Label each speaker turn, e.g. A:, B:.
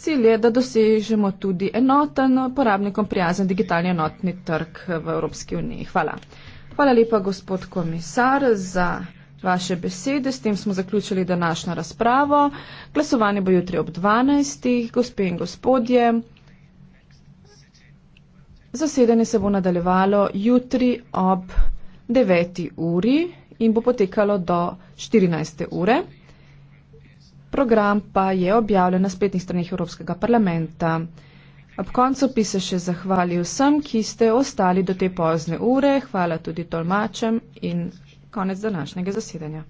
A: Cilj je, da dosežemo tudi enoten, uporabnikom prijazen digitalni enotni trg v Evropski uniji. Hvala. Hvala lepa, gospod komisar, za vaše besede. S tem smo zaključili današnjo razpravo. Glasovanje bo jutri ob 12. Gospe in gospodje, zasedanje se bo nadaljevalo jutri ob 9. uri in bo potekalo do 14. ure. Program pa je objavljen na spletnih straneh Evropskega parlamenta. Ob koncu bi se še zahvalil vsem, ki ste ostali do te pozne ure. Hvala tudi tolmačem in konec današnjega zasedanja.